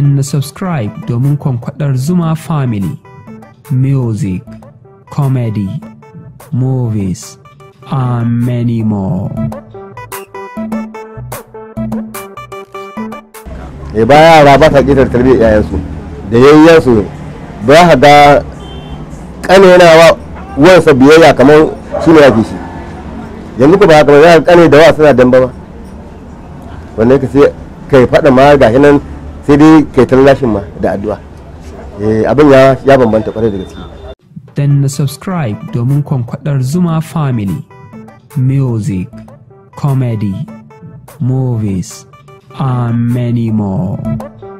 na subscribe domin kwankwadar Zuma Family. Music, comedy, movies, and many more. E ba yara ba ta ƙetar tarbiyyar yayansu da yayyansu ba ka ga ƙane yana wansa biyayya kamar shi ne ya shi. Yanzu ku ba ya ba za ka ƙane da wa suna damba ba. Wannan ka sai kai faɗa ma ga nan sai dai kai tallashin ma da addu'a eh, abin ya bambanta kwarai da gaske dan subscribe domin kwankwadar zuma family music comedy movies and many more